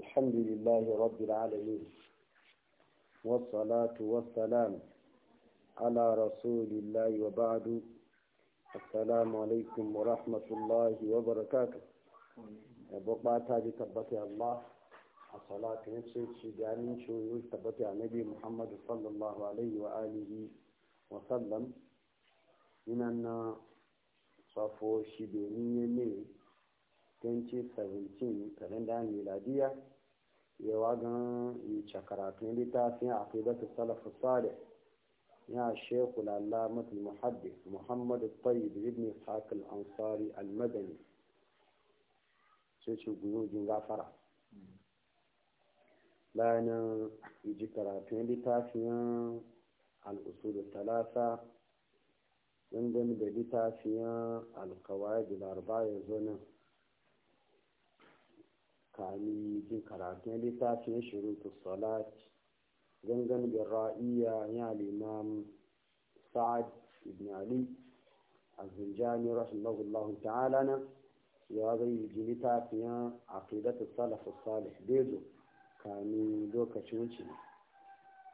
الحمد لله رب العالمين والصلاة والسلام على رسول الله وبعد السلام عليكم ورحمة الله وبركاته بقى تاجي تبتي الله الصلاة نفسي شجاني شوي تبتي على نبي محمد صلى الله عليه وآله وسلم من أن صفو شبيني 2017 kalenda miladiya ya wagan ce karatu ne ta fi aqidatu salafu salih ya shehu lallah mutum muhaddis muhammadu tayyib ibn ishaq al ansari al madani sai ce gafara bayan iji karatu ne ta fi al usul talasa wanda ne da ta fi al qawaid al arba'a zuwa kani jin karatun littafin shirin salat gangan bin ra'iya ya limam sa'ad ibn ali azinjani rahimahullah ta'ala na ya zai ji littafin aqidatu salaf salih bezo kani lokacin wuce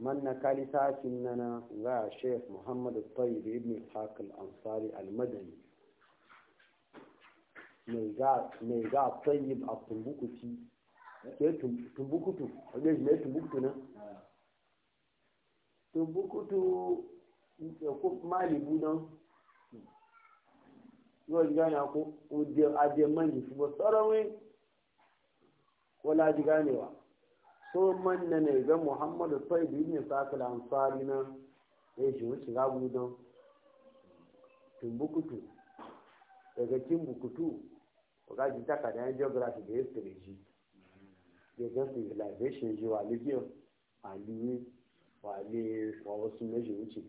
man na ka littafin nana ga shef Muhammadu tayyib ibn haq ansari al-madani mai ga yi a tumbukuti ke tumbukutu wanda shi mai tumbukutu nan tumbukutu ko malibu don yau ji gane ko ajiyar manji su ba tsarawai wala ji ganewa so man na ne ga muhammadu sai da yin sakala ansari na ya shi wuce gabu tumbukutu daga kin bukutu ọ̀gá jí takàdá ní geography lè sèrè jí gẹ́gẹ́ civilization jí wà lójú wà lóyún wà lé wọ́n mẹ́jọ méjì mẹ́jọ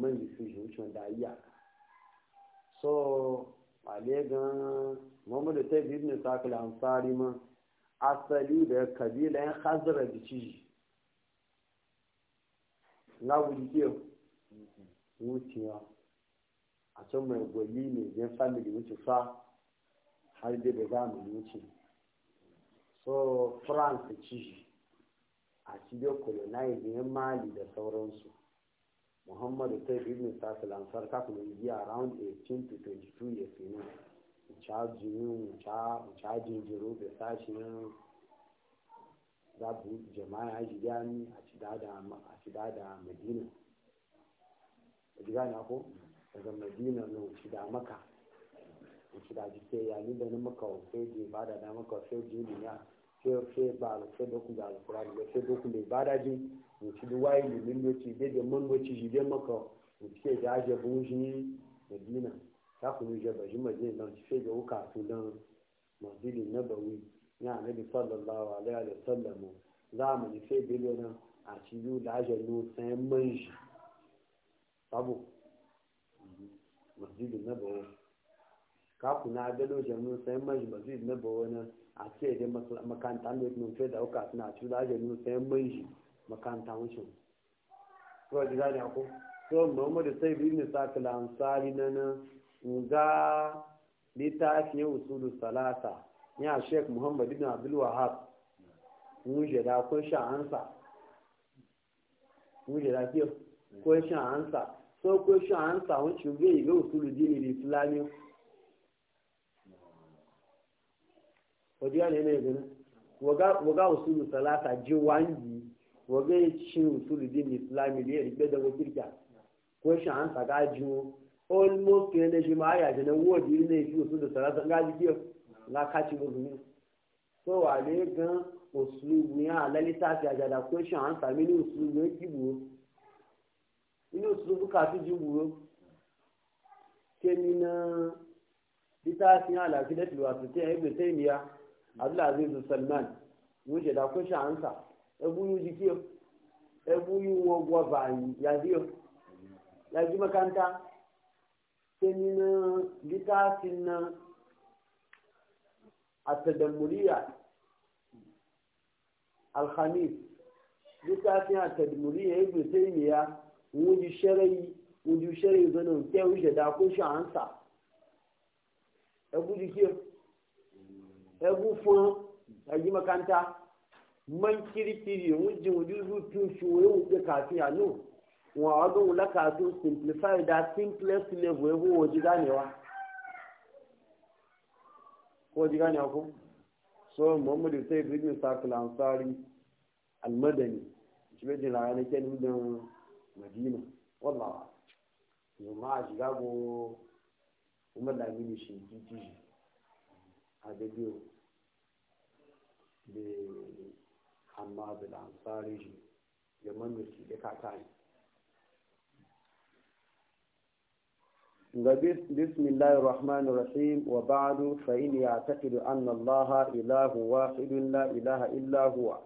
mẹ́yìn fi yìí wúchì ọ̀dà yíyà so wà lé gan muhammadu tẹ́bi ń sáré mọ́ asali da kabila ń hazara da ci yìí láwùjọ kí o wúchì a can mai ne yan family wúchì fa har dai da zamani wuce so france ci a cibiyar colonize yan mali da sauransu muhammadu ta yi ibn sasil ansar kafin yi yi around 18 to 22 years ne uca jini uca jinjiro da sashen zabu jama'a ya ji gani a cida da madina ji gani ako daga madina na uci da maka da ji ke ya ni da ni maka sai je ba da da maka sai je ni ya sai sai ba lo sai doku da alqur'ani da sai doku da ji ci da wayi ni min doci da da man doci ji da maka mu ce da je bun shi madina ta ku je ba ji madina dan ci sai ga uka su dan masjidi nabawi ya annabi sallallahu alaihi wa sallam zamani sai bilona a ci yu da je no man shi sabo na nabawi kafu na gado jamun sai mai mazid na bawo nan a ce dai makanta ne mun fe da uka suna ci da jamun sai mai shi makanta wucin to ji gane ko to Muhammad sai bi ne sa kala ansari nan ga litafi usulu salasa ya Sheikh Muhammad ibn Abdul Wahhab mun je da kun sha ansa mun je da kiyo kun sha ansa so kun sha ansa zai yi ga usulu dini islamiyya wajen yana yana gana waga usulu salata ji wangi waga ya ci usulu din islami da ya rike da wakilka ko shi an saka jiwo almost yana shi ma ya wodi ne usulu salata ga ji kiyo kaci so wa ne gan usulu ni a lalita ta jada ko shi an sami ni usulu ne ni usulu buka fi na litafi alafi da tilwasi ta abdulaziz salman yóò ṣẹ̀dá kó ṣàǹsà ansa yóò di kí o ẹbú yóò wọ ya báyìí ya o yàjú mẹ́kántá sẹ́ni náà lítàásì náà àtẹ̀dẹ̀mùríyà alhamis lítàásì àtẹ̀dẹ̀mùríyà ẹgbẹ̀ ya wọ́n di ṣẹ́rẹ́ yìí wọ́n di ṣẹ́rẹ́ yìí zọ́nà tẹ́ ó ṣẹ̀dá egu fún ẹyí makanta man kirikiri ń jin ojú ìlú tí ó ṣe òun ṣe kàfin àánú wọn àwọn ọdún wọn lákàtú simplify that simplest level ewu ojú gánewa kó ojú gánewa kó so muhammad hussein ibn sakul ansari almadani ìṣẹ́bẹ̀ jìnnà ara ní kẹ́ni ń dán madina wọ́n yóò máa ṣìgágo ọmọdé àgbẹ̀mí ṣe jíjí da hamadu da ansari shi da mamaki da katani بسم الله الرحمن الرحيم وبعد فإن يعتقد أن الله إله واحد لا إله إلا هو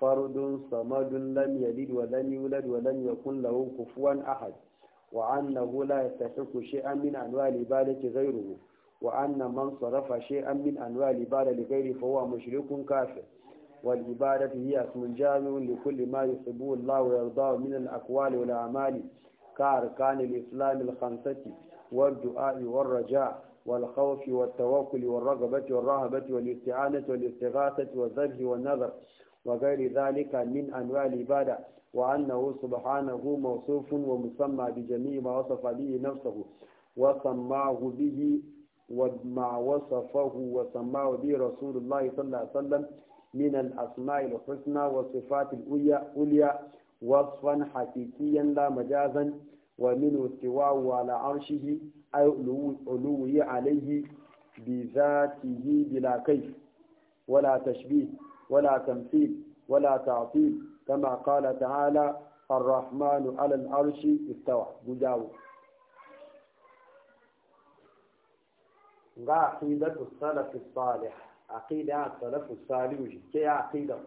فرد صمد لم يلد ولم يولد ولم يكن له كفوا أحد وأنه لا يستحق شيئا من أنواع العبادة غيره وأن من صرف شيئا من أنواع العبادة لغيره فهو مشرك كافر والعبادة هي اسم جامع لكل ما يحبه الله ويرضاه من الأقوال والأعمال كأركان الإسلام الخمسة والدعاء والرجاء والخوف والتوكل والرغبة والرهبة والاستعانة والاستغاثة والذبح والنذر وغير ذلك من أنواع العبادة وأنه سبحانه موصوف ومسمى بجميع ما وصف به نفسه وسماه به وما وصفه وسماه به رسول الله صلى الله عليه وسلم من الأسماء الحسنى والصفات الأولياء وصفا حقيقيا لا مجازا ومن استواه على عرشه أي علوه عليه بذاته بلا كيف ولا تشبيه ولا تمثيل ولا تعطيل كما قال تعالى الرحمن على العرش استوى بجاوه ga aqidatu salaf salih aqida salaf salih ke ya aqida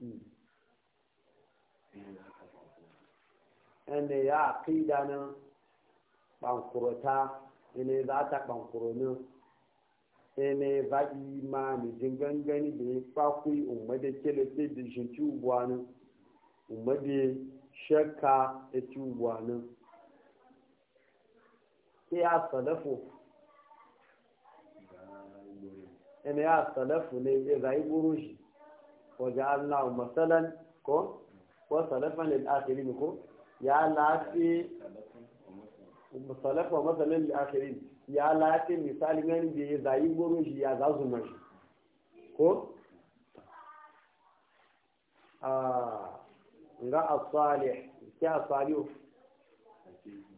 hmm. ene ya aqida na bankurota ene za ta bankuroni ene va' imani jin gangani da ya fakui umade kele sai de shi ci ubuwa nan umade shakka ya ci ubuwa nan sai ya salafu ina ne ya zai buru shi wajen allah masalan ko ko ya lafi salafa masalan lil'akirin ya lafi misali yan da ya zai buru shi ya za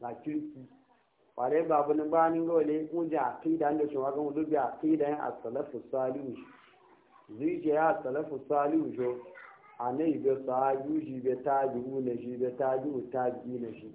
a kirki wale babu na banin ga wale kun ji aqida da shi wagan wudu bi aqida a salafu salihu zuciya ya as-salafu salihu jo anai be sahabu ji be ta tabi'u ne ji be ta ta ji ne ji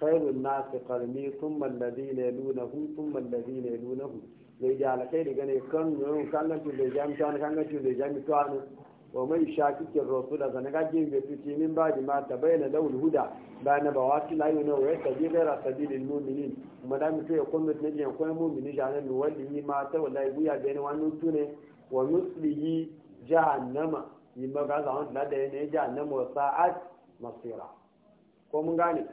khairun nas qarni thumma alladhina yalunahum thumma alladhina yalunahum zai ji alakai daga ne kan yau kan ga ju le jam jami'a kan ga ju le da jami'a wa mai shakikin rasu da zanagagin bai fice min ba da mata bayyana laul huda ba na ba wasu layu na wayar sabi gaira sabilin muminin kuma da mutu ya kuma na jiyan kwanan mumini shanen mu wanda yi mata wala yi buya bayan wani tune wa nuslihi jahannama yi maga zaman da da yanayi jahannama wa sa'ad masira ko mun gane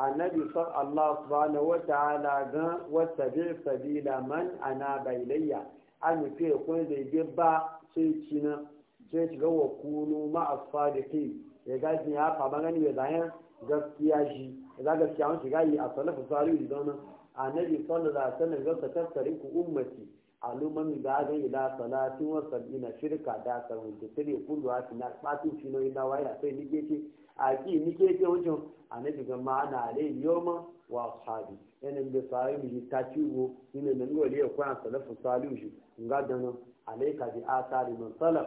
annabi sallallahu subhanahu wa ta'ala ga wata bi sabila man ana bailayya an mutu ya kuma zai ba sai cinan sai shiga wa kunu ma'as sadiqin ya ga shi ya fa magani ya zayan gaskiya shi za gaskiya wani shiga yi a salafu salihu da wani annabi sallallahu alaihi wasallam ga takassari ku ummati aluman da ga ila salatin wa sabina shirka da sarun da tare kullu hati na fatu shi no ila waya sai nike ce a ki nike ce wajen annabi ga ma'ana alai yoma wa ashabi yanin da salihu shi ta ciwo shine nan gole ya kwana salafu salihu shi ga dana alaika bi asari man salaf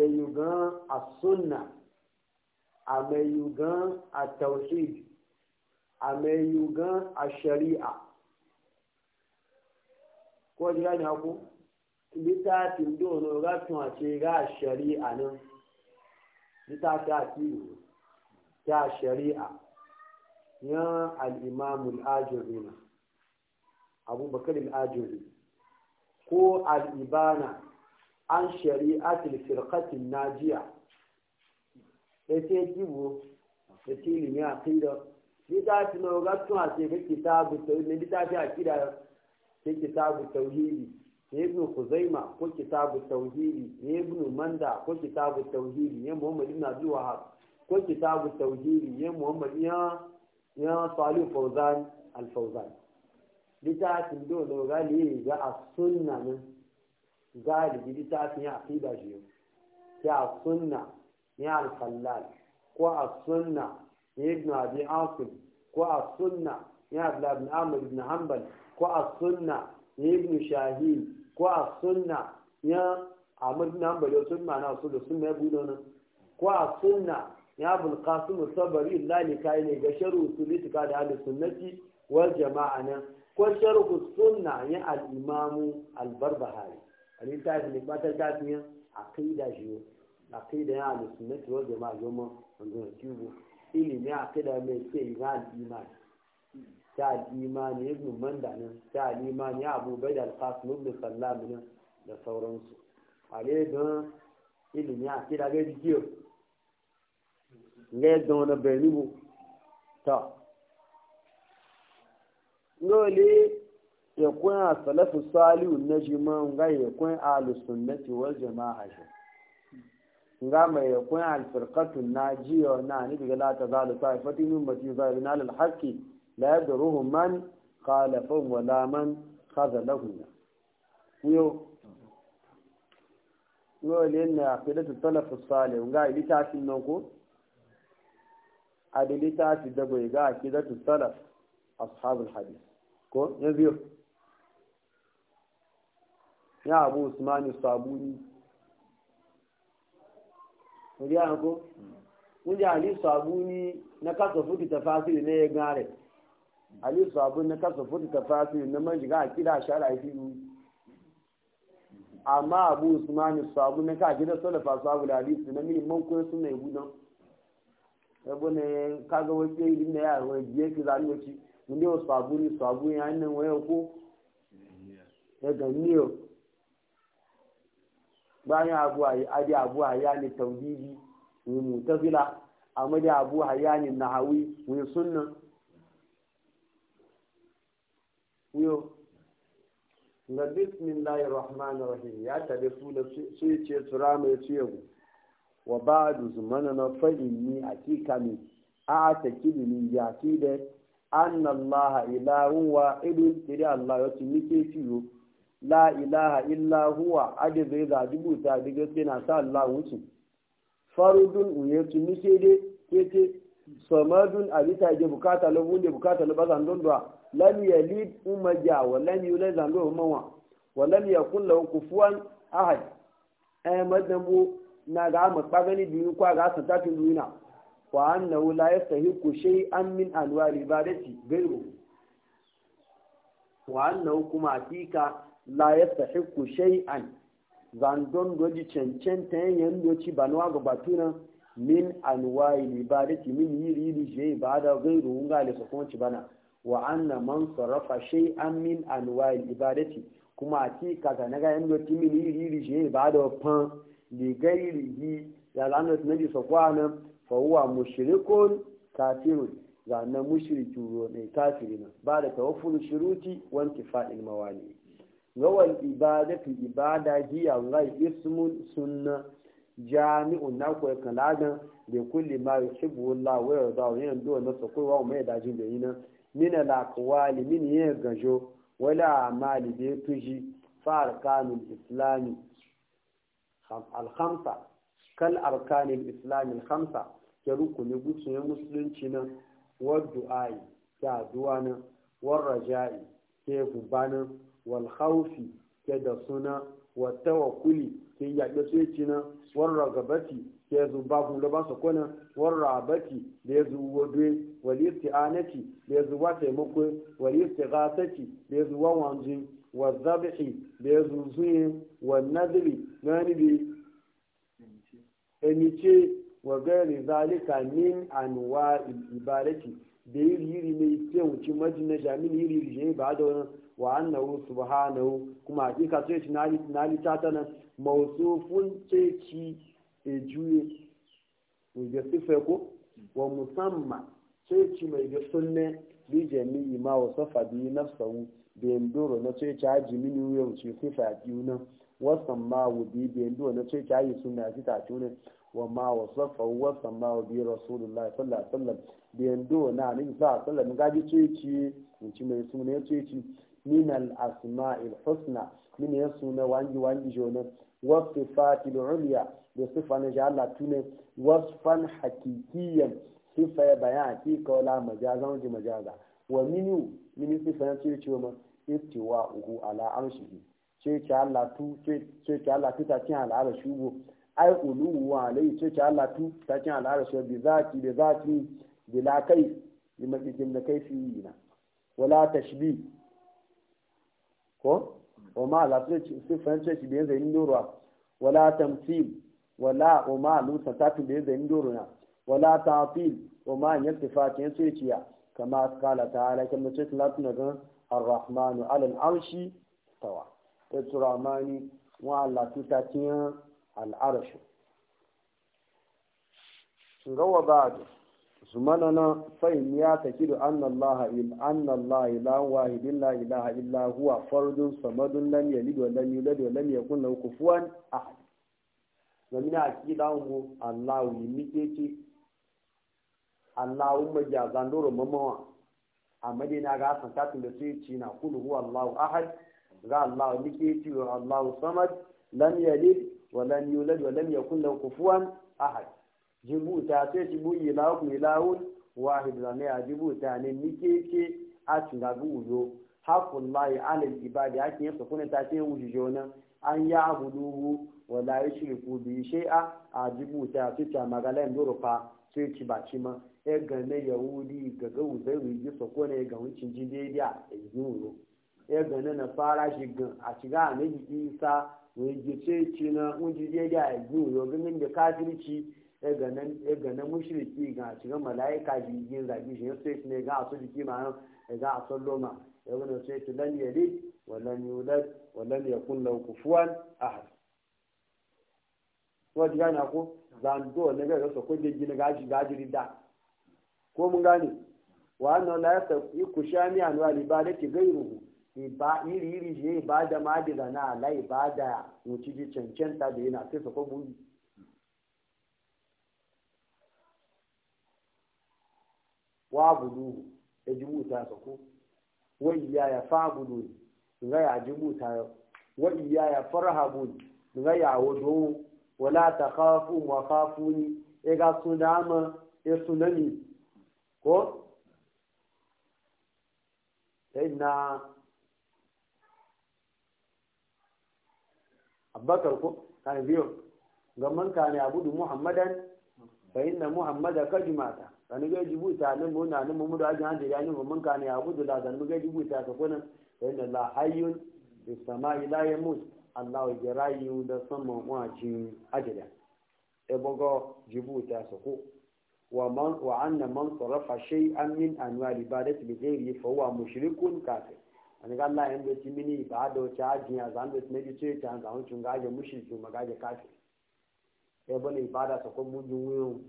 eyugan asunna ameyugan atawhid ameyugan ashari'a ko jira ni haku littafin dono ratun a ce ga shari'a nan littafin a tiyo ta shari'a ya al'imamu al'ajirina abubakar al'ajiri ko al'ibana an shari'atul firqatin najiya sai ce kibo da tilin ya akida litafi na tun a ce ga kitabu tauhidi na litafi kira sai kitabu tauhidi ne ibn kuzaima ko kitabu tauhidi ne ibn manda ko kitabu tauhidi ne muhammad ibn abdul wahab ko kitabu tauhidi ne muhammad ya ya salih fawzan al fawzan litafi do na ogali ga as-sunnah galibi littafin ya fi da shi a sunna ya alfallal ko a sunna ya ibn abi asim ko a sunna ya abdullah abin amr ibn hanbal ko a sunna ya ibn shahid ko a sunna ya amur ibn hanbal yau sun mana su da sun mai budo nan ko a sunna ya abul qasim sabari lalika ne ga sharu sulitika da ahlus sunnati wal jama'a nan ko sharu sunna ya al-imamu al a littafi ne ba ta littafi yin aƙida shi ne aƙida ya da sunnati wal jama'a goma wanda ya kiwo ilimi aƙida mai ce yi na al'imani ta al'imani ibn manda nan ta al'imani abu bai da alƙasim ibn sallam nan da sauransu a don ilimi aƙida ga jikiyo ga don wani bai ta Ngole ya a salafu salihu na jima'un ga ya kun alusunnati wal jama'a shi ga mai ya kun alfirkatun na jiyo na ni daga lata la yadruhu man khalafahum wa la man khazalahum yo yo lenna aqidatu salafu salihu ga ita tin nan ko ga ya abu usmani sabuni wuri ya ko wuri ali sabuni na kaso futi tafasiri ne ya gare ali sabuni na kaso futi tafasiri na majiga a kira shara fi amma abu usmani sabuni na ka gida salafa sabu da hadisi na min man koyo sunna ibu na yabo ne kaga wace yi ne ya wa biye ki zani wace mun ne sabuni ni sabu ya nan waya ko ya ganiyo bayan abu adi abu hayani tauhidi mu mutazila amadi abu hayani nahawi mu sunna yo ga bismillahir rahmanir rahim ya tabe su da su ce tsura mai ciyo wa ba'du zumana na ni akika mi a ta kidini ya ki da annallaha ilahun wa idun tiri allah ya ci nike ciyo la ilaha illa huwa ade zai dubu, buta da gaske na sa Allah wuce farudun uye tu ni ce? dai kete samadun alita je bukata la wunde bukata la bazan don doa lam yalid umaja wa lam yulad zan do mawa wa lam yakul lahu kufuwan ahad eh madambu na ga mu pagani biyu kwa ga san ta tin duina wa annahu la yastahiqu shay'an min anwar ibadati ghayru wa annahu kuma atika la ya sahiku shay'an zandon doji ta yanyan doci ba nuwa ga batuna min da libadati min yiri yiri je da gairu wunga da su kuma ci bana wa an na man sarrafa shay'an min da libadati kuma a ci kaga na ga yan doci min yiri yiri je da fan li gairi yi ya lanar na ji sakwa nan fawuwa huwa mushrikun kafirun ga na ne kafirina ba da tawafin shiruti wanti fa'il mawani rawal ibadatu ibada jiya rai ismun sunna jami'un na koyi kaladan da kulli ma yuhibbu Allah wa yarda wa yan do na sokoi wa mai daji da yina min al aqwali min gajo wala amali bi tuji farkanul islami al kal arkanin islami al ya rukuni gutsun musulunci na wa du'ai ya duwana war raja'i ke gubanin walhaufi ke da suna wa kuli ke yaƙe su yi na warra gabati ke yanzu babu da ba su kuna warra abati da yanzu wadwe walisti isti'anati da yanzu wa taimakon walisti istighathati da yanzu wa wanzu wa zabhi da yanzu zuye wa na gani bi emice wa gari zalika min anuwa ibaraki da yiri yiri mai majin na jami'in yiri yiri ba da wani wa annahu subhanahu kuma hakika sai ci na lita nan mausufun e juye ga sifa ko wa musamman ceci mai ga sunne bi jami'i ma wa safa bi da yandoro na sai ci mini biyu nan wasan ma bi da yandoro na ceci a haji sunna a ta tunan ma wa safa wasan ma bi sallallahu alaihi Dendo na nabi sa sallam gaji in ci mai su ne tsoyici min al asma il husna min ya suna wangi wangi jona wasu fati da uliya da sifa na ja Allah tune wasfan hakikiyan sifa ya bayan hakika wala majazan ji majaza wa minu mini sifa ya tsoyici wa man ittiwa uhu ala ce tsoyici Allah tu tsoyici Allah tu ta cin al'ada shugo ai uluwa alai tsoyici Allah tu ta cin al'ada shugo bi zaki bi zaki bila kai jimna kai yi na wala tashbi ko o ma la su fance shi bayan zayin doro wala tamthil wala o ma lu ta tafi bayan zayin doro na wala ta'til o ma yantifatin sai ciya kama kala ta'ala kamar sai latuna ga ar-rahmanu alal arshi tawa turamani wa Allah tuta tiyan al-arshi ngawa ba'du zumanana fa'in ya taki da annallaha annallaha ilaha wahidin la ilaha illa huwa fardun samadun lam yalid wa lam yulad wa lam yakun lahu kufuwan ahad zamina akida mu Allahu mitete Allahu majazan doro mamawa amade na ga san katin da su ci na kullu huwa Allahu ahad ga Allahu mitete wa Allahu samad lam yalid wa lam yulad wa lam yakun lahu kufuwan ahad jibuta sai ci bu ilahu ilahun wahid zane a jibuta ne nikeke a tunagu uzo hakun layi alal ibadi hakin yasa kuna ta ce wuce jonan an ya abuduhu wa la yushriku bi shay'a a a jibuta sai ta magalan durufa sai ci baci ma e gane yahudi ga ga yi wiji so ko ne ga wucin jidediya e yuro e ne na fara shi gan a shiga annabi isa wiji sai ci na wucin jidediya e yuro ganin da kafirci ganin mushriki ga cikin mala'ika jirgin zagi shi ya ne ga a jiki ma nan ga asu loma ya wani sai su lan yalid walan yulad walan yakun lahu kufuwan ahad ko ji gane ko zando ne ga so ko jirgin ga shi ga da ko mun gane wa annahu la a kushani an wa ibadati ghayruhu ba iri iri je ibada ma da na la ibada mu ci cancanta da yana sai su ko mun wa budu ya ji muta ka ko wa iya ya fa budu ga ya ji muta wa iya ya farhabun ga ya wudu wala khafu wa khafuni e ga sunama e sunani ko sayyidina abbakar ko kan biyo ga man kana abudu muhammadan fayin na muhammada ka ji mata ka ni gai jibu ta nan mun nan mun da ajin hanje yayin mun ka ne abu da dan mun gai jibu ta ka kuna fayin da la hayyun bis samai la yamut allah ya rayu da samma wa ji ajira e bogo jibu ta so ko wa man wa anna man sarafa shay'an min anwali ba'da bi ghairi fa huwa mushrikun kafir an ga allah yanda ti mini ba da wata ajin ya zan da ne ji ce ta ga hunjun ga ga mushriku magaje kafir ebe na ibada sakon mujin wuyan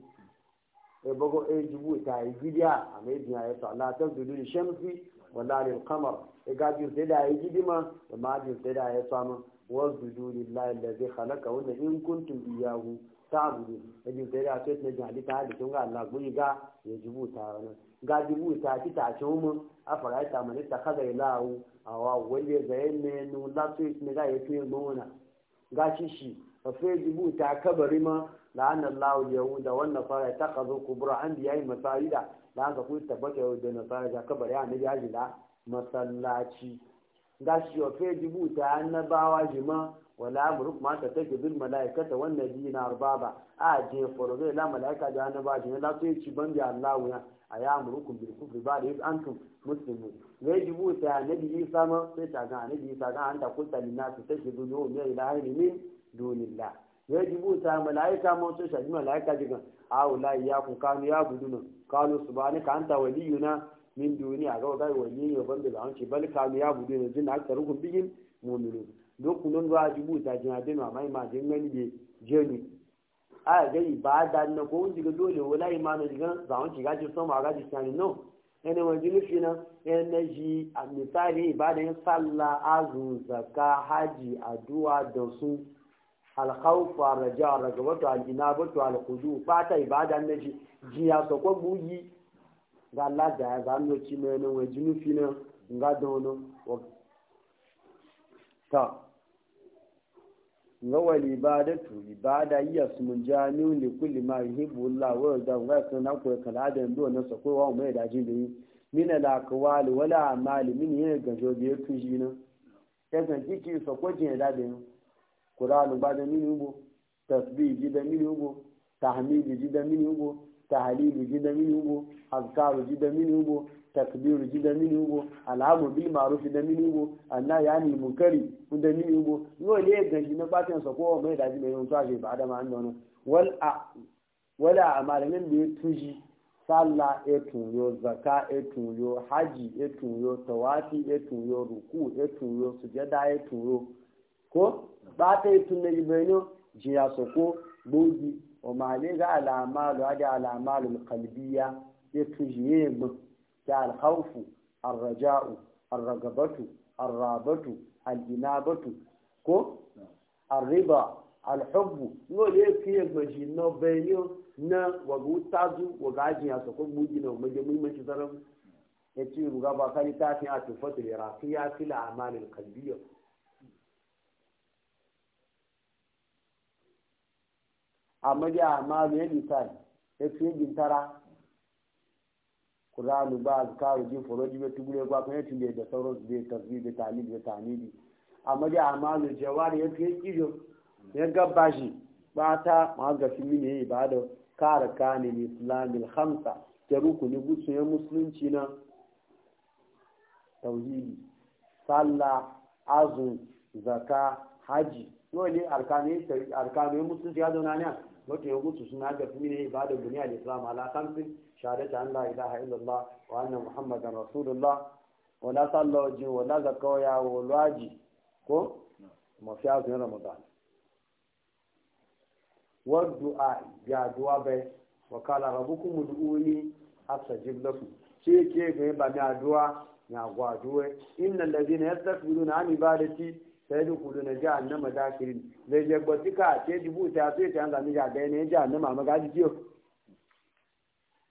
ebe go e ta yi gidiya a mai jiya ya ta la ta dudu shamsi wala lil qamar e ga jin yi gidima da ma jin sai da ya samu wa dudu lillahi allazi khalaqa wa in kuntum iyahu ta'budu e jin ya ta wani ga jubu ta ki ta ce mu a fara mani ta ilahu awa zai ne nu ne ga shi فسيجبوا تعكبر ما لعن الله اليهود والنصارى اتخذوا قبور انبياء مساجد لان تقول تبت يهود النصارى تعكبر يا نبي اجلا مسلاتي gashi wa fe jibuta annabawa jima wala amruk ma ta take bil malaikata wan nabiyina arbaba a je foroge la malaika da annabawa jima la sai ci ban ya Allah ya aya amrukum bil ba da antum muslimun ne ta nabi Isa ma sai ta ga nabi Isa ga an ta kulta dunillah yajibu ta malaika mun so shaji malaika diga aula ya ku kanu ya gudu guduna kanu subhanaka anta waliyuna min duni a ga ga waliyi ban da an ce bal kanu ya gudu guduna jin aktarukum bihim mu'minun dokunan wajibu ta jinadin ma mai ma jin gani be jeni a gani ba ibada na ko diga dole wala imanu diga za an ci gaji sama gaji tani no ẹni wọn jí lófin náà ji a misali ìbádẹ́ sálà azùn zaka hajj àdúrà dọ̀sùn wa raja ragabatu aljinabatu alkhudu fata ibada ne ji jiya so ko buyi ga Allah da ya zanu ci ne ne wa jinu fina nga dono ta ngawa ibadatu ibada iya sumun jami'u li kulli ma yuhibbu Allah wa yarda wa na ko kala da ndo na so ko wa mai da jin da yi min alakwali wala amali min yana gajo biye tujina ya san kiki so ko jin da da yi Kur'anu ba da mini ugo tasbi ji da mini ugo tahmid ji da mini ugo tahlil ji da mini ugo azkar ji da mini ugo takbiru ji da mini ugo al'amru bil ma'rufi da mini ugo anna yani munkari da mini ugo Yau ne ga shi na fatan sa ko mai da ji mai yin tashi ba da ma nono. wal a wala da ya tuji sallah e tuyo zaka e tuyo haji e tuyo tawafi e tuyo ruku e tunyo sujada ya tuyo ko ba ta yi tun da ibrahim jiya ko bogi o ma ne ga alamalu ada alamalu kalbiya ya tujiye mu ta alhaufu arraja'u arragabatu arrabatu aljinabatu ko arriba alhubbu no le fiye gbaji na bayan na waga tazu waga so ko bogi na umarje muhimmanci zarar ya ce ruga ba kari ta fi a tufatul iraqiya fil amalin kalbiya amma da ma zai ya fiye gintara kuranu ba azkaru ji foro ji betu gure kwa kan yatin da sauran su zai tasbih da talib da tanidi amma da amalu jawari ya fiye kijo ya gabba shi ba ta ma ga shi mini yayi ba da kara kane islamil khamsa da rukuni gutsu ya musulunci na tauhidi sallah azun zaka haji dole arkane arkane musulunci ya zauna ne mafi ya suna ga fi ne ba da duniya da islam ala kamsin shahadata an la ilaha illallah wa anna muhammadan rasulullah wa la sallaji wa na zakawaya wa lwaji ko mafi mafiya zuwa ramadan wa du'a ya du'a bai wa kala du'uni a sajib lafi ce ke ga ba mi addu'a ya gwaduwe innal ladina yastakbiruna an ibadati sai da kudu na jihar nama dakirin zai je gbatika ce dubu ta sai a ga amija da yanayin jihar nama magaji kiyo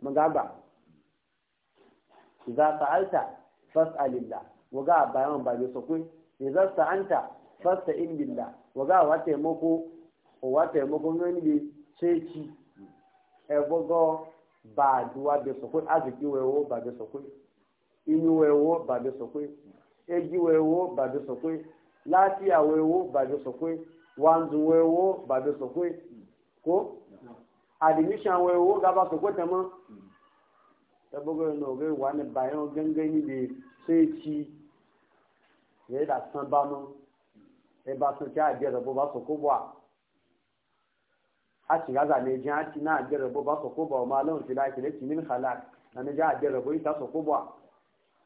magaba za ta alta fas'alilla waga bayan ba bai sokun ne za ta anta fasta in billa waga wa taimako wa taimako ne ne ce ci ebogo ba duwa bai sokun arziki wewo ba bai sokun inu wewo ba bai sokun egi wewo ba bai lafiya wewo ba da sakwai wanzu wewo ba da sakwai ko admission wewo gaba sakwai ta man mm. ta bugu na ogai wani bayan gangani da sai ci ya yi da san ba mu mm. ya ba sun kya ba sako ba a shiga zane jin hati na ajiyar rabo ba sako ba ma lawan fila ki laki min halak na na ji ajiyar rabo ita sako ba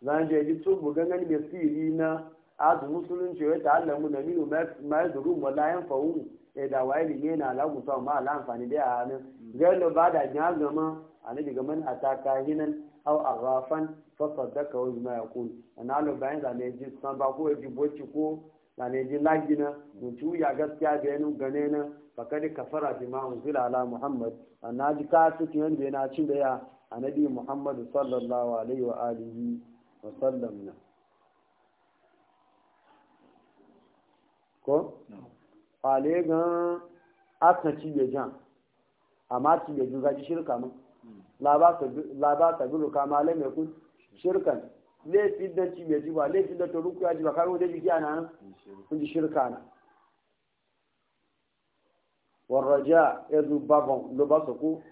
zan je ji tubu gangan da siri na azu musulunci ya ta Allah mu da minu mai zuru mu yan fawu e da wai ni ne na lagu sa ma la amfani da anan galo ba da nya gama ani daga man ataka hinan aw arrafan fa saddaka wa ma yaqul ana lo bayan da ne ji san ba ko ji boci ko da ne ji lagina mutu ya gaskiya da yanu gane na fakad kafara bi ma unzila ala muhammad ji ka su kiyan da yana cin da ya annabi muhammad sallallahu alaihi wa alihi wa sallam na. ko fale gan akan cibe jan amma cibe jun gaji shirka mun mm. laba kabiru kama lai mai kun shirkan laifin da cibe ji ba laifin da toruku ya ji ba karo da jiki ana nan kun ji shirka na warraja ya zuba ban loba su ku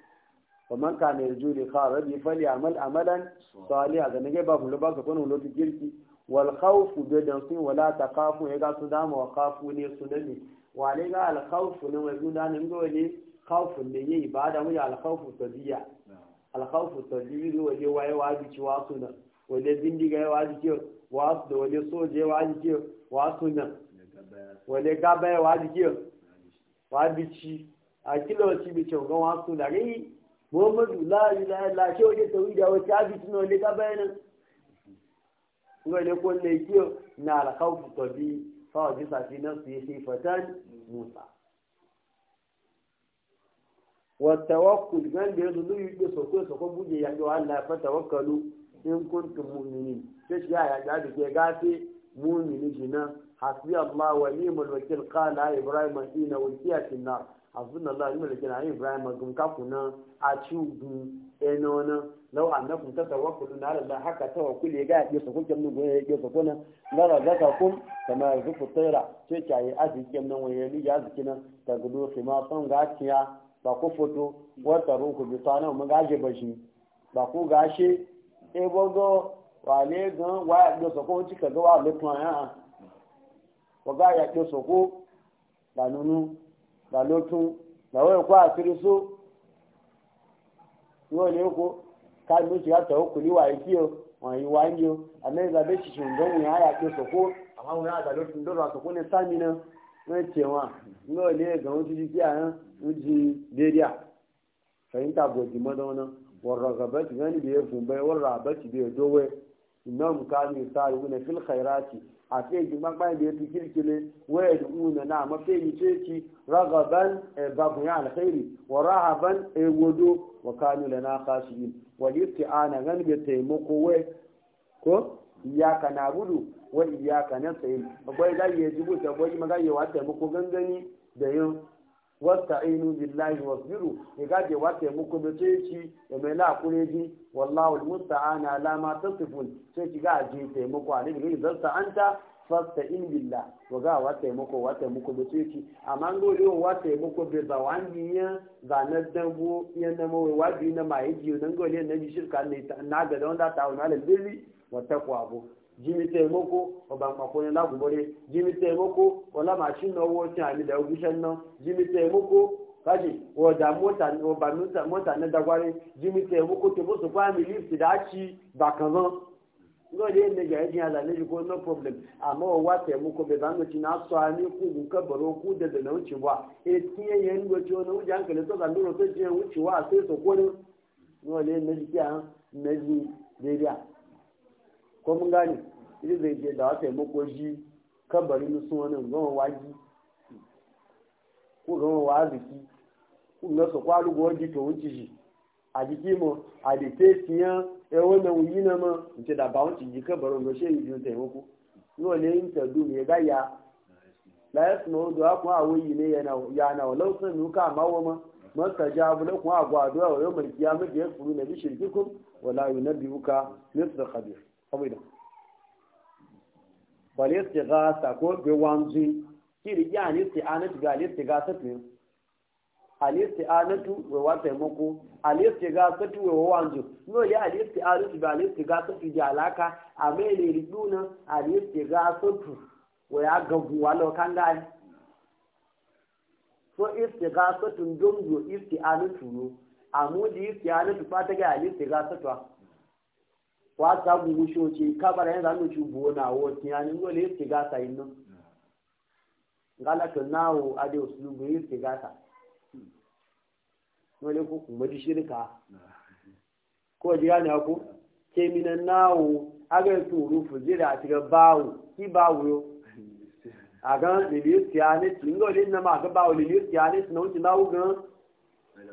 ومن كان يرجو لقاء ربي فليعمل عملا صالحا ga nage ba ku loba ko non lobi girki wal khawfu da dan sun wala ta kafu ya ga su dama wa kafu ne su dame wa alika ga al khawfu ne wai guda ne ga wani khawfu ne yi ba da mu ya al khawfu tabiya al khawfu tabiya ne waje waye waji ci wasu nan waje bindiga ya waji ci wasu da waje soje wa waji ci wasu nan waje gaba ya waji ci waji ci a kilo ci bi ci ga wasu da Rai! muhammadu la ilaha illa shi waje tawida ta abiti ne le gaba ya nan ngole ko ne kiyo na al khawf tabi fa wajisa fi nafsi sifatan musa wa tawakkul gan da yanzu duk yake soko ko buje ya ga Allah fa tawakkalu in kuntum mu'minin sai shi ya ga da ke gafe mu'mini jina hasbi Allah wa ni'mal wakil qala ibrahim inna wulqiya fi nar hasbunallahu ni'mal wakil ibrahim gum kafuna a ciwu ena wana lau annakum tatawakkalu na Allah haka tawakkul ya ga ya sako kin nugo ya ga sako nan la razaqakum kama yarzuqu tayra ce ta yi azikin nan waye ni ya ta gudu kima son gaciya ba foto wata ruku bi mu gaje bashi ba ku gashe e bogo wale gan wa ya ga sako cika ga wa lutun ya ya yóò lè ka káàdì ó ti yàtọ̀ ó kò ní wàá kí o wọ́n yìí wàá ní o àmẹ́ríkà bẹ́ẹ̀ ṣiṣẹ́ òǹdó wù yàrá pé sòkó àwọn àwọn àgbà ló fi dọ́rọ̀ àsòkó ní sámi náà wọ́n ti wọn yóò lè gàn ó ti di kí àrùn ó di déédé à fẹ̀yìntà bòdì mọ́dọ́ náà wọ̀rọ̀ gàbẹ́tì gánibẹ̀ẹ́ fún bẹ́ẹ̀ wọ́rọ̀ àbẹ́tì bẹ́ẹ̀ dówẹ́ ìnáwó ká ní sáà a sai jimman bayan da ya fi kirkile waya da una na mafi ce ci ragaban e, babu ya alkhairi wa rahaban e godo wa kanu lana khashiyin wa isti'ana gan taimako wai ko iyaka na gudu wa iyaka na sayin akwai da ya jibuta akwai magana ya wa taimako gangani da yin wasta'inu billahi wasbiru ya gaje wa taimako da sai ci da mai lakure ji wallahu almusta'ana la ma tasifun sai ki gaje taimako a daga yin zasta anta fasta'in billah wa ga wa taimako wa taimako da sai amma an gode wa taimako bai da wa ya za na dango na wa biyu na mai ji nan gole na bi shirka ne na ga da wanda wani alal birri wa taqwa abu jimi taimako ọba makoni lagbore jimi taimako wala mashin na owó tí a ní da ogushen nan jimi taimako kaji ọjà mọ́ta ní dagwari jimi taimako tó bó sọpá mi lift da á ci bàkanzan ló dé nígbà ẹ̀jìn àlà ne kó no problem àmọ́ ọwá taimako bẹ̀rẹ̀ àwọn tí náà sọ ní kúgù kẹbọ̀rọ̀ kú dẹ̀dẹ̀ náà ń ci wá etí ẹ̀yẹ ń gbọ́tí ọ̀nà oúnjẹ àǹkẹ̀lẹ̀ tó bá lóró tó jẹ́ ń ci wá àti ìsòkó ne wọ́n lé méjì kí ko mun gane idan zai je da aka yi makoshi kabari musu wani gama waji ko gama waziki ko na su kwalu ga waji to wuce shi a jiki mu a da te siya ya wannan wuyi na ma in ce da ba wuce ji kabarin ga shi yi taimako yau ne yin tardu mai gaya la ya suna wanda ya kuma a wuyi ne yana walau sun nuka mawa ma masa jabu na kuma a gwaduwa wa yau mulki ya mutu ya furu na bi shirkikun wala yi na biyu ka nisa khabir saboda wale su ga ko bai wanzu kiri ya ni ti anatu ga ni ti ga satu ale ti anatu we wa taimako ale ti ga satu wai wa wanzu no ya ale ti anatu ga ale ti ga satu da alaka amele mai ne riguna ale su ga satu we ya gabu wa kan ga so istighasatun dungu isti'anatu amudi pa ta ga ale ti ga satu wa ta gugu shoci kabara yanzu an nuci bona na tiyani ngole yake gasa innan ngala to nawo ade usulubu yake gasa ngole ko kuma di shirka ko ji gane ko ke minan nawo aga rufu jira bawo ki bawo yo aga liliyo tiyani tingo na ma aga bawo gan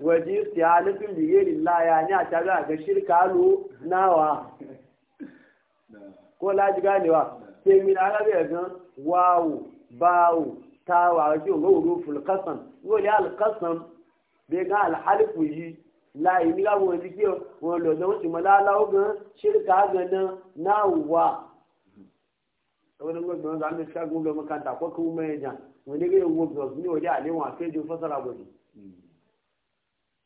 waje istihalatin bigirin laya ne a tare ga shirka lo nawa ko laji ganewa sai min arabi ya gan wawo tawa wa kiwo gawo fulkasan wani alkasan bai ga alhalifu yi láì ní láwọn ẹbí kí wọn lọ lọ wọn sì mọ láláwọ gan ṣírìkà ganan náà wà. ọwọ́n ní gbọ́dọ̀ ọ̀dọ̀ àmì ṣáàgùn lọ́mọ kan tàkọ́kọ́ mẹ́rin jà wọn ní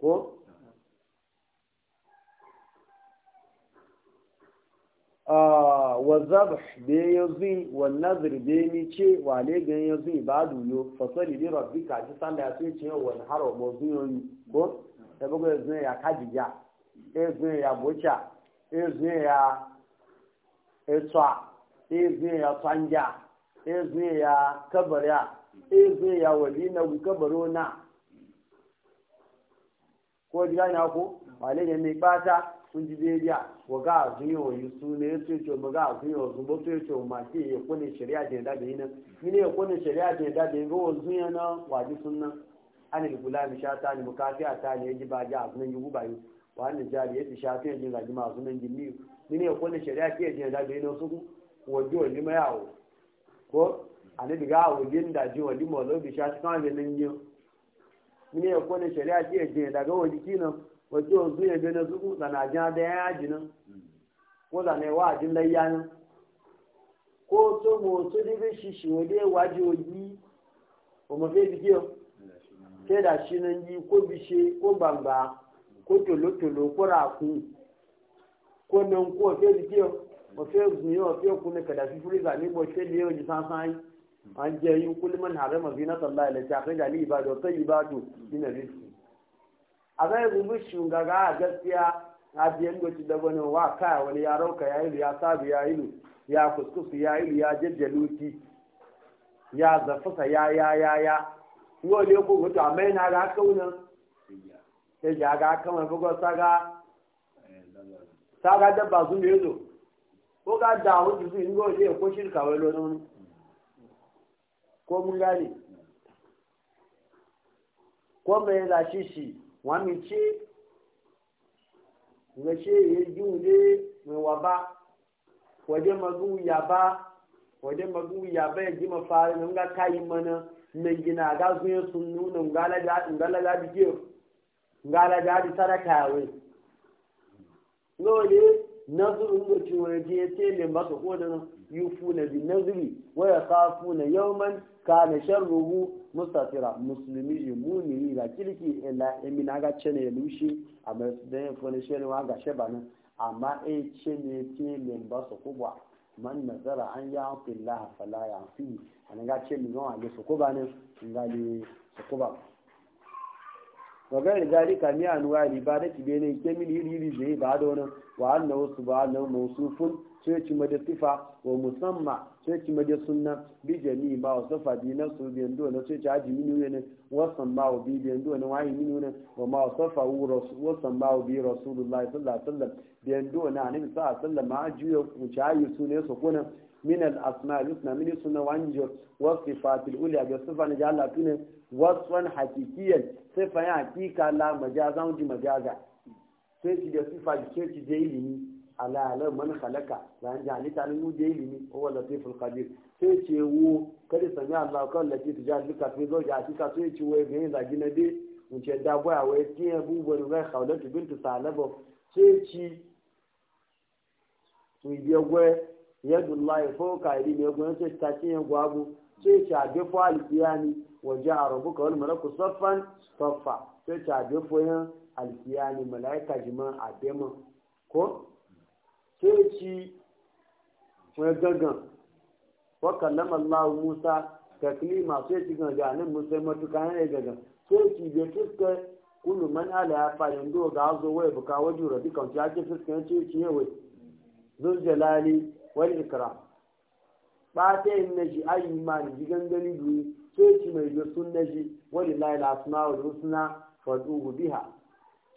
ko ah, wa zabh be yanzu wa ya be ni ce wa le gan yanzu ba duyo fasali li rabbika ji sanda ya ce ce wa haro mo zuyo ko da bugo ya kajija yanzu ya bocha yanzu ya etwa yanzu ya twanja yanzu ya ya na ko ji wale ne mai bata sun ji daidai wa ga zuyo wa su ne ya ce ma ga zuyo su ba su ma ke ya kone shari'a ce da yi nan ne ya shari'a ce da na sun nan an yi sha ta a ya ji ba ji a sunan yi gubayi wa an jari ya fi sha ta ma sunan gini ne ya kone shari'a ke da da yi nan su ji wa ji yawo ko a a wajen da ji wa sha ta kama mini ya kone shari'a ce je daga waje kinan wace wanzu ya na zuku zana jan da ya yaji nan ko zana layya nan ko to mo to ni be shishi wode waji oji o mo fe o ke da shi nan yi ko bishe ko bamba ko tolo lo ko raku ko nan ko fe bi o mo fe gun yo fe ne fi furi ga ni o ji san an je yin kulman harama zina sallah ila ta kai dali ibadu sai ibadu ina rizki a zai gumbu shungaga a gaskiya a biyan goci da gani wa kaya wani ya rauka ya ilu ya sabu ya ilu ya kuskusu ya ilu ya jajjaluti ya zafasa ya ya ya ya yau ne ko a amma na ga kaunan sai ya ga kawai bugo saga saga dabba sun yi zo ko ga dawo su ingo ne ko shirka wani lodon ko mun gane ko mai lashe shi wani ce ga ce ya yi wule mai ba waje mazu ya ba waje mazu ya ba ya gima fari na nga kayi mana na gina ga zuwa sun nuna ngala ga bi ke ngala ga bi sadaka yawe lori nazurin mutum wani je ya tele masa kodanin yufu na bi nazuri waya kafu na yauman kana sharruhu mustatira musulmi ji mumini ga kirki ila emina ga cene ya lushe a mai da wa ga sheba nan amma e cene ce min ba su kuba man nazara an ya hafi Allah fala ya hafi an ga ce mi zon ga su kuba ne in ga le su kuba wa ga riga rika mi anuwa riba da kibe ne ke min yiri yiri zai ba da wani wa annahu subhanahu mawsufun sai ci mada sifa wa musamma sai ci mada sunna bi jami ba wa safa bi na su biyan dole sai ci haji minu ne wasan ba wa bi biyan dole wayi minu ne wa ma wa safa wasan ba wa bi rasulullah sallallahu alaihi wasallam biyan dole annabi sallallahu alaihi wasallam ma juya ku ci hayi su ne su kuna min al asma yusna min sunna wanjo wa sifatil ulya bi sifa na jalla wa wasfan hakikiyan sifa ya hakika la majazan ji majaza sai ki da sifa sai ki je ilimi ala lan man khalaqa lan jalita lan muje ilimi huwa latiful khabir sai ce wo kada sami Allah kan latif jalika fi zoji a cika sai ce wo ga yanzu gina dai mun ce da boya wai tiya bubu ga khawlatu bintu salaba sai ci mu biya gwe yadu Allah ya foka iri ne gwe sai ta ci yan gwabu sai ce a bi fa alkiyani waje a rabuka wal malaku saffan saffa sai ce a bi fa yan alkiyani malaika jiman a bema ko sai ci mai gangan wakallam Allah Musa taklima sai ci ganga nan Musa matuka ne gaga sai ci bai fuska kullu man ala ya fayin do ga zo wai buka waju rabi kan ci ake fuska ne ci ci yawa zul jalali wal ikram ba ta yin naji ayi imani ji gangani duyi sai ci mai da sun na wani naji walillahi al-asma'ul husna fad'uhu biha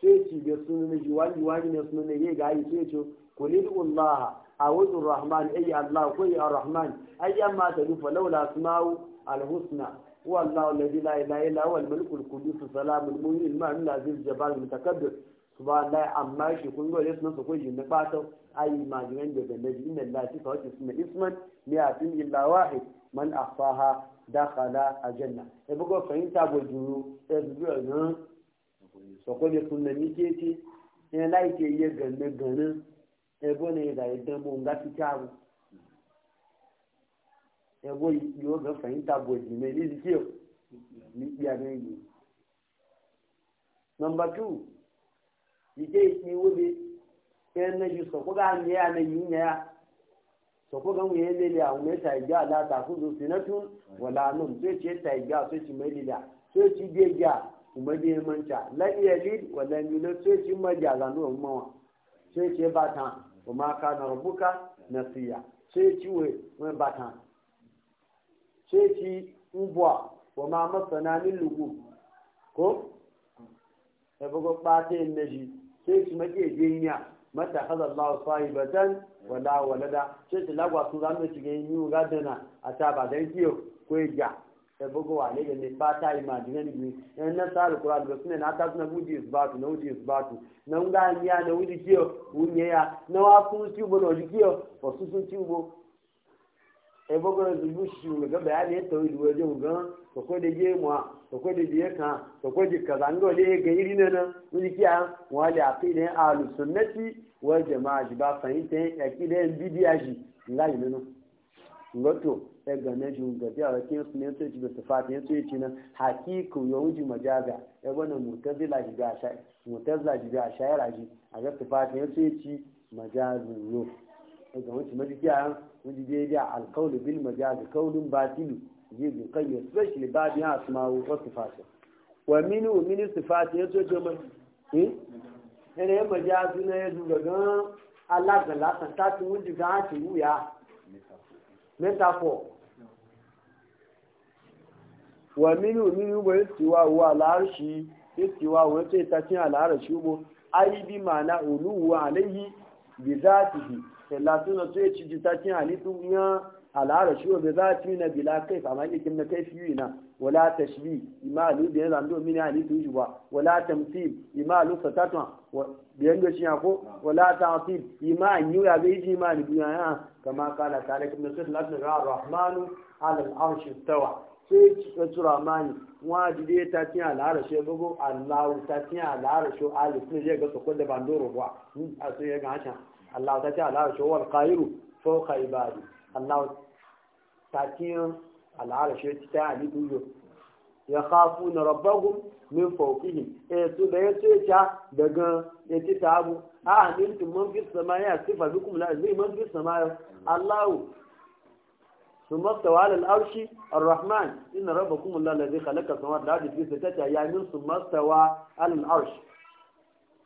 sai ci da sun naji wani wani ne sun ne ga yi sai ci kulil ullaha a wuzin rahman ayi allah ko ya rahman ayi amma ta rufa laula sumawu alhusna هو الله الذي لا اله الا هو الملك القدوس السلام المؤمن المؤمن العزيز الجبار المتكبر سبحان الله عما يشركون يقول اسم نفسه كويس نباته اي ما جنن ده الذي ان الله تفوت اسم اسما مئات الا واحد من اخفاها دخل الجنه يبقى فهمت ابو جورو ابو جورو سوكو دي سنن نيكيتي ان لايكي يغن غن ebo ne da idan mu nga ti tabu ebo yo ga fayin tabo ji me ni dike ya ne ni number 2 dike na ga ya ya so ga ta ja la ta ku zu sinatun wala nun sai ce ta ja sai ci mai lila sai ci ge ja kuma dai manta la iya lid wala ni na sai ci wa ma kana rabbuka nasiya sai ciwe wani bata sai ci ubwa wa ma masana min lugu ko sai bugo bata yin naji sai ci make jinya mata haza Allah sahibatan wala walada sai ci lagwa su zamu ci ga yin yi a ta ba dan kiyo ko ya bugu wa ne da ne fata imajinan bi yan nan sa alquran da sunan aka suna ba isbatu na ba isbatu na nga ya na wudi kiyo unye ya na wa sun ci bo no kiyo o su sun ci bo e bugu da zubu shi mu ga bayani ya tawi duwa ga to ko da je mu to ko da je ka to ko ji kaza ndo le ga iri na na wudi kiya wa da aqida ahlus sunnati wal jamaa ba fahimta aqida bidiyaji ngai nono ngoto ga na jin gabi a rakin su ne su ci da sifat su ci hakiku ya wuji majaza ya gwada mutazila ji ga sha mutazila aji ga shayara ji a ga ne su ga wuce majiya wuji daidai alkaulu batilu ji bi kai especially babin asma'u wa wa ci eh ya na ya duga gan alágbàlá kan tá ti gan á ti wúyà mẹ́ta wa minu minu ba istiwa wa larshi istiwa wa ce ta cin al'arshi bo ai bi mana wa alaihi bi zatihi sallatu na ce ci ta cin tu ya al'arshi wa bi zati na bila kai mai kin na kai yi na wala tashbi imalu da yana ndo mini tu shi ba wala tamthil imalu satatwa biyan da shi ko wala ta'til iman ya bai ji imani duniya kama kala kala kin na sallatu alaihi rahmanu ala al'arshi tawa sai cikin ramani waji dai ta tiya gogo ta tiya alif ne ga a sai ya ga hakan allahu ta tiya wal qairu ta tiya ta ali duyo ya khafu na rabbahum min fawqihi eh to da ya ce ta daga ya ci tabu a amintum man fis samaya sifa bikum la zai man fis samaya Allah ثم استوى على zai الرحمن إن ربكم الله الذي خلق السماوات والأرض في ستة أيام ثم استوى على الأرش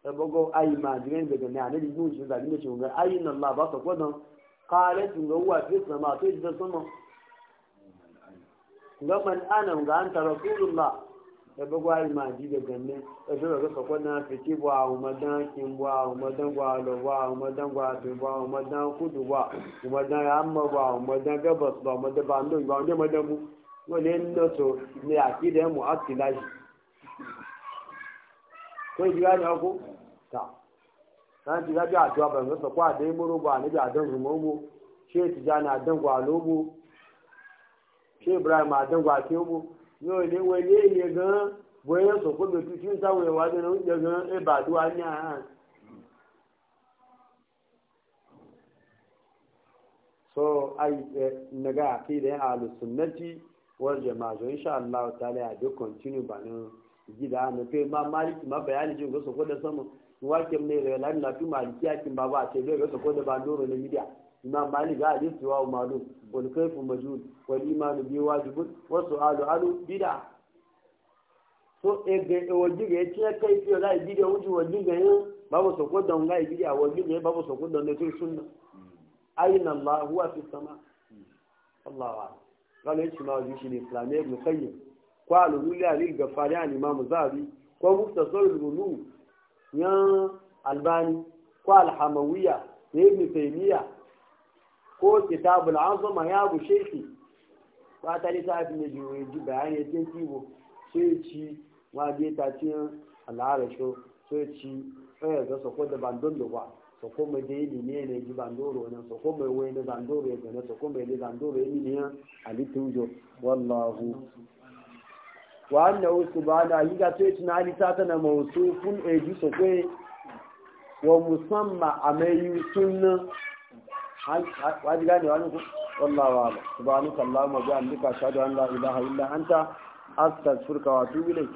sabago ai ma jiran daga ne ne yin shi da ne shi ga ayin Allah ba ka gwadon qalat ga huwa fi sama to da sama ga man ga anta rasulullah ebe gwa ma ji da ganne ebe ga ka kwana fiti gwa umadan kin gwa umadan gwa lo gwa umadan gwa tu gwa umadan kudu gwa umadan amma gwa umadan gabas gwa umadan bando gwa umadan madabu wani nno to ne mu ko ji ta kan ji a tuwa ban kwa ne she gwa she ibrahim gwa yóò lé wọlé yẹ gan bóyá sọ̀kọ́ mi tún tún táwọn ẹ̀wà jẹ́ náà ń jẹ gan ẹ̀ bàdó á ní so ai eh, naga aqida ahlus sunnati wal jama'a insha Allah ta'ala a duk continue banin gida na kai ma maliki ma bayani jin ga soko da sama wa kem na fi maliki akin baba a ce ga soko da ba doro na media imam malik ga hadisi wa malum wal kayfu majun wal iman bi wajib wa su'alu alu bid'a so e ge e woji ge tie kai fi ga bid'a wuji ga yin babu so ko don ga bid'a wajib ga babu so ko don ne sunna ayna allah huwa fi sama allah wa qala shi ma wuji shi islamai ibn qayyim qalu lil ali gafari an imam zabi ko muftasar al-ulum albani ko alhamawiya hamawiya ibn taymiya ko kitabul azuma ya bu shi ba ta littafi ne jiwo ji bayani ya ce kibo sai ci waje ta ce al'ada shi sai ci ɗaya ga sako da bandon da kwa sako mai da yi ne ne ji bandoro ne sako mai wai da bandoro ya gane sako mai da bandoro ya ne ya halittun jo wallahu wa annahu subhana yi ga sai ci na halitta ta na mawsufun eji sako wa musamma yi sunan waji gane wani ku wallawa ba subhanaka allahumma bihamdika ashhadu an la ilaha illa astar astaghfiruka wa atubu